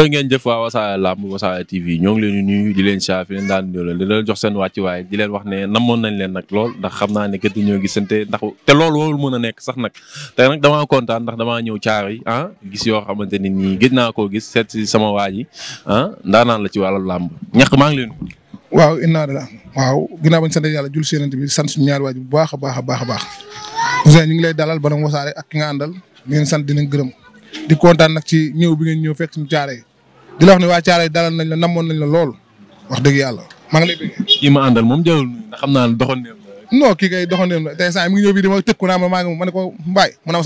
jërë ngeen jëf waa Wassare Lamb Wassare TV ñoo ngi leen di nuyu di leen saa fi leen daan nuyu di leen jox seen wàccuwaay di leen wax ne namoon nañ leen nag lool ndax xam naa ne gëdd ñoo gisante ndax te loolu warul mën a nekk sax nag tey damaa kontaan ndax damaa ñëw caar yi ah, gis yoo xamante ni nii gëj naa koo gis seet sama waa ji ah ndaanaan la ci wàllu làmb ñax maa ngi leen waaw inna la waaw ginnaaw bañ sant yàlla jul si yonent bi sant suñu ñaari bu baax a baax a baax a baax ñu ngi lay dalal banam Wassare ak ki nga àndal di leen sant di leen gërëm kontaan nag ci ñëw bi ngeen ñëw fekk suñu caare di la wax ne waa Thialé dalal nañ la namoon nañ la lool wax dëgg yàlla maa ngi lay kii ma àndal moom jarul nuyu ndax xam naa ne doxandéem la. non kii kay doxandéem la tey saa mi ngi ñëw fii di ma ma maa ngi ma ne ko mbaay mu naam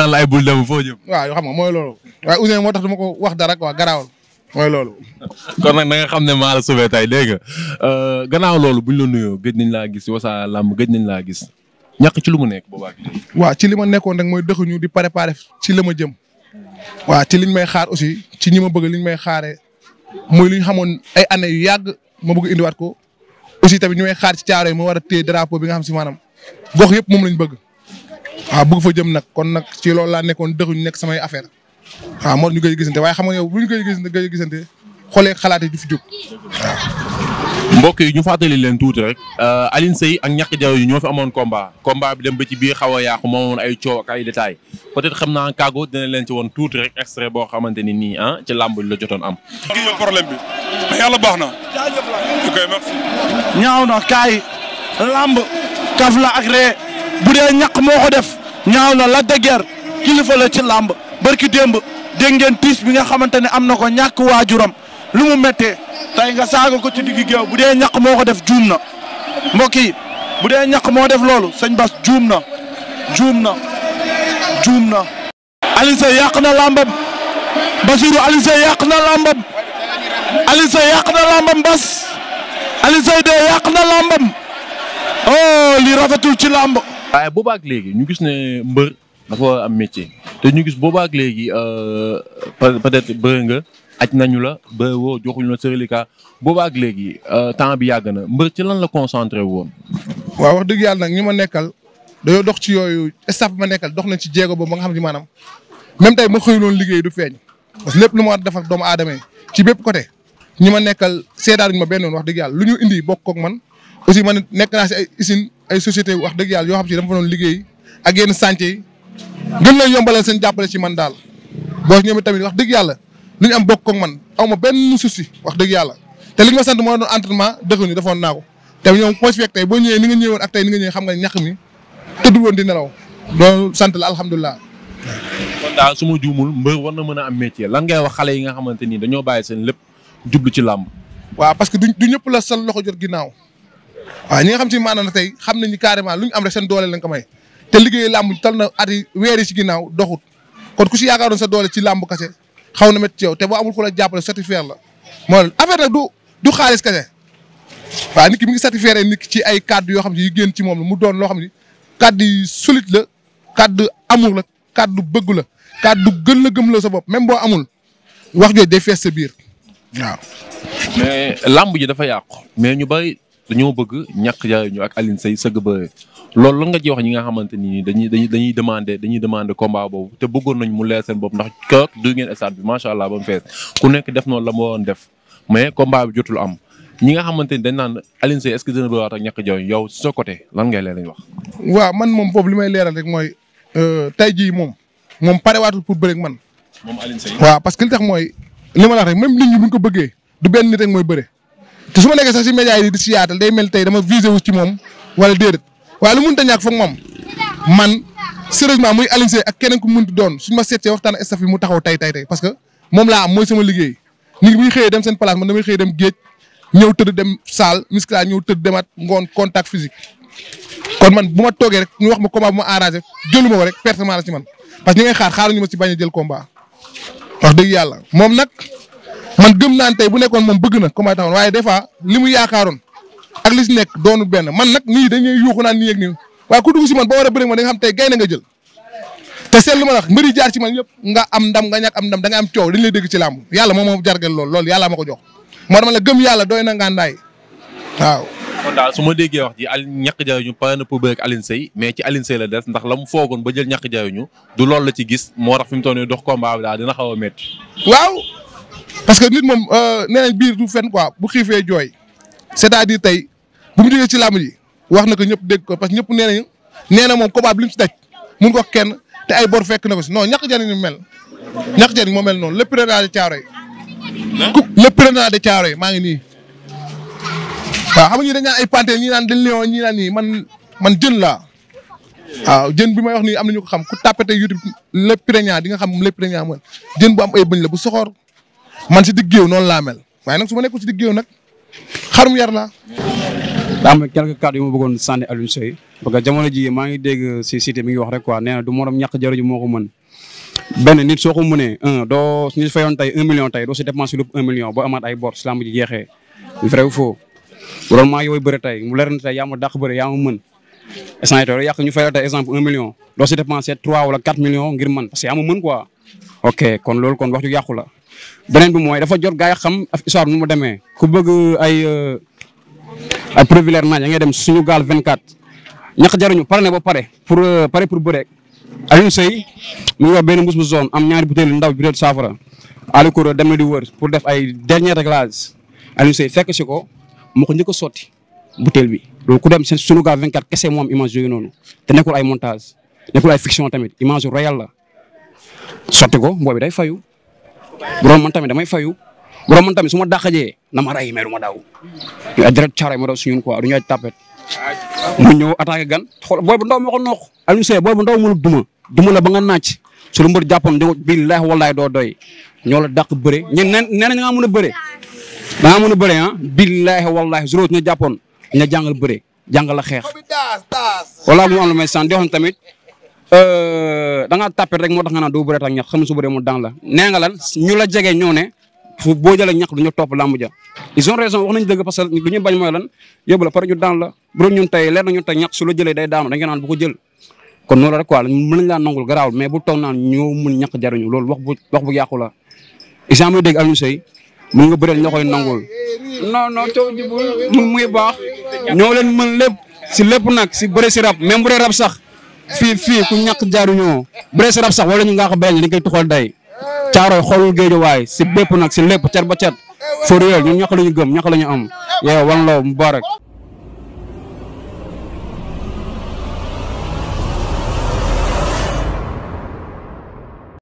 a bëre bul dem foo jëm. waaw xam nga mooy loolu. waaye Ouzin moo tax dama ko wax dara quoi garaawul mooy kon nag na nga xam ne maa la sauvé tey dégg nga euh, gannaaw loolu buñ la nuyoo gëj nañ laa gis Wassare Lamb gëj nañ la gis ñàkk ci lu mu nekk boobaa. waaw ci li ma nekkoon rek mooy dëxuñu di préparer ci la ma jëm waaw ci liñ may xaar aussi ci ñi ma bëgg liñ may xaaree muy li ñu xamoon ay années yu yàgg ma bëgg indiwaat ko. aussi tamit ñu may xaar ci caaro yi ma war a téye drapeau bi nga xam si maanaam gox yëpp moom lañ bëgg waaw bugg fa jëm nag kon nag ci loolu laa nekkoon dëxuñ nekk samay affaire waaw moo ñu koy gisante waaye xam nga yow bu ñu koy gisante xoolee xalaate du fi jóg waaw. yi ñu fàttali leen tuuti rek. Euh, Alioune Seye ak ñàkk jaww ji ñoo fi amoon combat combat bi dem ba ci biir xaw a yàqu moo amoon ay coow ak ay détails peut-être xam naa kàggu dina leen ci woon tuuti rek extrait boo xamante ni nii ah ci làmb la jotoon am. kii problème bi. mais yàlla na. ok ñaaw na kaay. làmb kaf la ak ree bu dee ñaq moo ko def. ñaaw na la de guerre kilifa la ci làmb barki démb dégg ngeen tiis bi nga xamante ne am na ko ñàkk waajuram lu mu méttee tey nga saaga ko ci digg géew bu dee ñaq moo ko def juum na mbokk bu dee ñaq moo def loolu sëñ Bas juum na juum na juum na. Alioune yàq na làmbam Basirou Alioune Seye yàq na làmbam Alioune Seye yàq na làmbam Bas Alioune Seye de yàq na làmbam oh lii rafetul ci làmb. waaye boobaag léegi ñu gis ne mbër dafa am métier te ñu gis boobaag léegi euh, peut-être aj nañu la ba woo joxuñu la sërilikaa boobaa ak léegi euh, temps bi yàgg na mbër ci lan la concentré woon. waaw wax dëgg yàlla nag ñi ma nekkal dañoo dox ci yooyu staff ma nekkal dox nañ ci jéego boobu ba nga xam ne maanaam même tey ma xëy loon liggéey du feeñ. lépp lu ma a def doomu aadama ci bépp côté ñi ma nekkal seedaanuñ ma benn wax dëgg yàlla lu ñu indi bokk koog man aussi man nekk naa si ay usine ay société wax dëgg yàlla yoo xam si dama fa doon liggéey ak yenn chantier yi gën leen yombalal seen jàppale ci man daal boo ñoom tamit wax dëgg yàlla li ñu am bokk ak man aw ma benn souci wax dëgg yàlla te li nga ma sant moo doon entraînement dëkk ni defoon naa te ñoom poche boo ñëwee ni nga ñëwoon ak tey ni nga ñëwee xam nga ñax mi tëdd woon di nelaw doon sant la alhamdulilah. kon su ma juumul mbër war na mën a am métier lan ngay wax xale yi nga xamante ni dañoo bàyyi seen lépp jublu ci làmb. waaw parce que du du ñëpp la sa loxo jot ginnaaw waaw ñi nga xam si maanaam tey xam nañu carrément lu ñu am rek seen doole lañ ko may te liggéey làmb tal na at yi weer si ginnaaw doxut kon ku si yaakaaroon sa doole ci làmb kase xaw na métti ci yow te boo amul ku la jàppale satisfaire la moo affaire nag du xaalis ka waaw nit ki mi ngi satisfaire nit ci ay kàddu yoo xam ne yu génn ci moom la mu doon loo xam ne kàddu yu solide la kàddu amour la kàddu bëgg la kàddu gën la gëm la sa bopp même boo amul wax jooju day fees sa biir waaw. mais làmb ji dafa yàqu mais ñu bay dañoo bëgg ñàkk jaayu ñu ak Alioune Seye sëgg bëre loolu la nga ji wax ñi nga xamante ni dañuy dañuy dañuy demander dañuy demander combat boobu te bëggoon nañ mu leer seen bopp ndax keroog du ngeen stade bi macha allah ba mu fees ku nekk def noonu la ma ñi nga xamante ni dañ naan Alioune Seye est-ce que dina bëriwaat ak sa côté lan ngay leer lañ wax. waaw man moom foofu li may leeral rek mooy euh, tey jii moom moom parewaatul pour bëre ak man. moom Alioune Seye. waaw parce que li tax mooy li ma la wax rek même nit ñi bu ñu ko bëggee du benn nit rek mooy bëre te su ma nekkee sax si médias yi di si yaatal day mel tey dama visé wu ci moom wala déedéet waaye lu mënut a ñàkk foog moom man sérieusement muy Alioune Seye ak keneen ku mun ti doon suñ ma seetee waxtaan ak staff bi mu taxaw tay tay tay parce que moom laa am mooy sama liggéey nit ñi bu ñu xëyee dem seen place man damay xëy dem géej ñëw tëdd dem salle musculation ñëw tëdd demaat ngoon contact physique. kon man bu ma toogee rek ñu wax ma combat bu ma arrangé jëluma ko rek pertement la ci man parce que ñi ngay ma si bañ a jël combat wax dëgg yàlla moom nag man gëm naan tey bu nekkoon moom bëgg na combat taxaw waaye des fois mu yaakaaroon ak li si nekk doonu benn man nag nii dañuy yuuxu naan nii ak nii waaye ku dugg si man ba war a bëri ma da xam tey gaynde nga jël te seetlu ma wax mbëri jaar ci man yëpp nga am ndam nga ñàkk am ndam da am coow dañ lay dégg ci làmb yàlla moom moo jargal lool loolu yàlla ma ko jox moo dama la gëm yàlla doy na ngandaay waaw kon daal su ma déggee wax ji Aliou ñàkk jaayuñu pare na pour bëgg ak Alioune Seye mais ci Alioune Seye la la mu foogoon ba jël ñàkk jaayuñu du loolu la ci gis moo tax fi mu toll nii dox combat bi daal dina xaw a métti parce que nit moom euh, nee biir du fen quoi bu xiifee jooy c'est-à-dire tey bu mu jógee ci làmb ji wax na ko ñëpp dégg ko parce que ñëpp nee nañu nee na moom combat bi li mu si daj mun ko kenn te ay bor fekk na ko si non jan jariñ mel ñàkk jariñ moo mel noonu le président de Thiaroye le président de caaro yi maa ngi nii waa xam ñu ñi dañ ay panthère ñi naan dañ lion ñi naan nii man man jën laa waaw jën bi may wax nii am na ñu ko xam ku tàppate YouTube le président di nga xam le président man jën bu am ay bëñ la bu soxor man si diggéew noonu laa mel waaye nag su ma nekkul si diggéew nag xarum yar laa. daa am quelques kàddu yu ma bëggoon sànni Alioune Seye parce que jamono jii maa ngi dégg si cité mi ngi wax rek quoi nee na du morom ñàkk jaruñu moo ko mën. benn nit soo ko mënee un doo nit fayoon tey un million tey doo si dépense lu un million boo amaat ay bor si lamb ji jeexee vrai ou faux loolu maa ngi woy bëri tey mu leer na tey yaa ma dàq bëri yaa ma mën instant yii toog ñu fayal exemple million doo si dépensé trois wala quatre millions ngir man parce que amu mën quoi. ok kon loolu kon wax ju yàqu la beneen bi mooy dafa jot gaa yi xam af histoire nu mu demee ku bëgg ay euh, ay privilège naaj da ngay dem suñu gaal 24. ñaq jaruñu pare ne ba pare pour euh, pare pour bëreek Alioune Seye mu ngi wax benn mbuus zone am ñaari butéel ndaw bi butéel saafara Aliou Koura dem di wër pour def ay dernier réglage Alioune Seye fekk si ko mu ko njëkk a sotti butéel bi. donc ku dem seen Sunugal 24 kese moo am image yooyu noonu te nekkul ay montage nekkul ay fiction tamit image royale la sotti ko boobi day fayu borom man tamit damay fayu borom man tamit su ma dàqajee na ma rey mais du ma daw ñu aj ma daw suñun quoi du ñu aj tapet mu ñëw attaqué gan xool booy bu ndaw moo ko noox Alioune Seye booy duma duma la ba nga naaj su lu mbër jàppoon di doo doy ñoo la dàq bëre ñen nee nañ nga a bëre da nga mën a bëre ah billaahi wallaahi su ñu ñu la jàngal bëre jàngal la xeex. wala mu am lu may sant di xam tamit euh, da ngaa tàppee rek moo tax nga naan doo bëreet ak ñax xam su mu daan la nee lan ñu la jege ñoo ne fu boo jëlee ñax du topp làmb ja ils raison wax nañu dëgg parce que lu ñu bañ mooy lan la pare ñu daan la bu na ñun tey ñax ko naan bu ko jël. kon noonu rek quoi mën nañ laa nangul garaawul mais bu toog naan ñoo mun ñàkk jariñu loolu wax bu wax bu yàqu la exemple muy dégg Alioune Seye mun nga bëreel ñoo koy nangul non non coow jibul mu ngi baax ñoo leen mën lépp si lépp nag si bëre si rab même bu rab sax fii fii ku ñàkk jaaruñoo bëre si rab sax wala ñu ngaa ko bañ dañ koy tuxal day caarooy xoolul géej waay si bépp nag si lépp cat ba cat for réel ñun ñàkk la ñu gëm ñàkk la ñu am yow wan loo mu